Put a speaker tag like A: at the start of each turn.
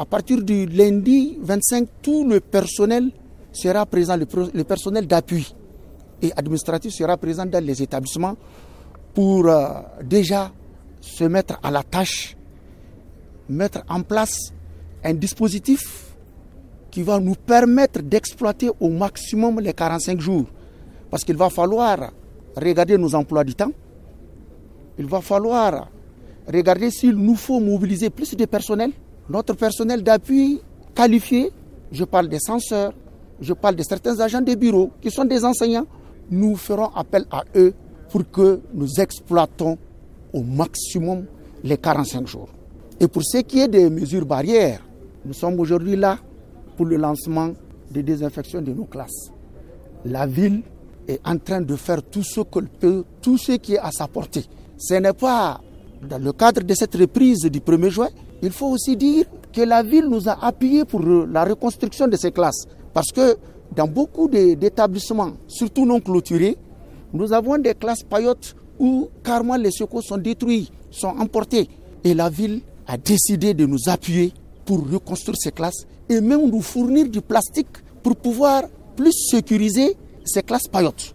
A: À partir du lundi 25, tout le personnel sera présent, le, personnel d'appui et administratif sera présent dans les établissements pour euh, déjà se mettre à la tâche, mettre en place un dispositif qui va nous permettre d'exploiter au maximum les 45 jours. Parce qu'il va falloir regarder nos emplois du temps, il va falloir regarder s'il nous faut mobiliser plus de personnel, notre personnel d'appui qualifié, je parle des censeurs, je parle de certains agents des bureaux qui sont des enseignants, nous ferons appel à eux pour que nous exploitons au maximum les 45 jours. Et pour ce qui est des mesures barrières, nous sommes aujourd'hui là pour le lancement des désinfections de nos classes. La ville est en train de faire tout ce qu'elle peut, tout ce qui est à sa portée. Ce n'est pas dans le cadre de cette reprise du 1er juin, il faut aussi dire que la ville nous a appuyés pour la reconstruction de ces classes. Parce que dans beaucoup d'établissements, surtout non clôturés, nous avons des classes payotes où carrément les secours sont détruits, sont emportés. Et la ville a décidé de nous appuyer pour reconstruire ces classes et même nous fournir du plastique pour pouvoir plus sécuriser ces classes paillotes.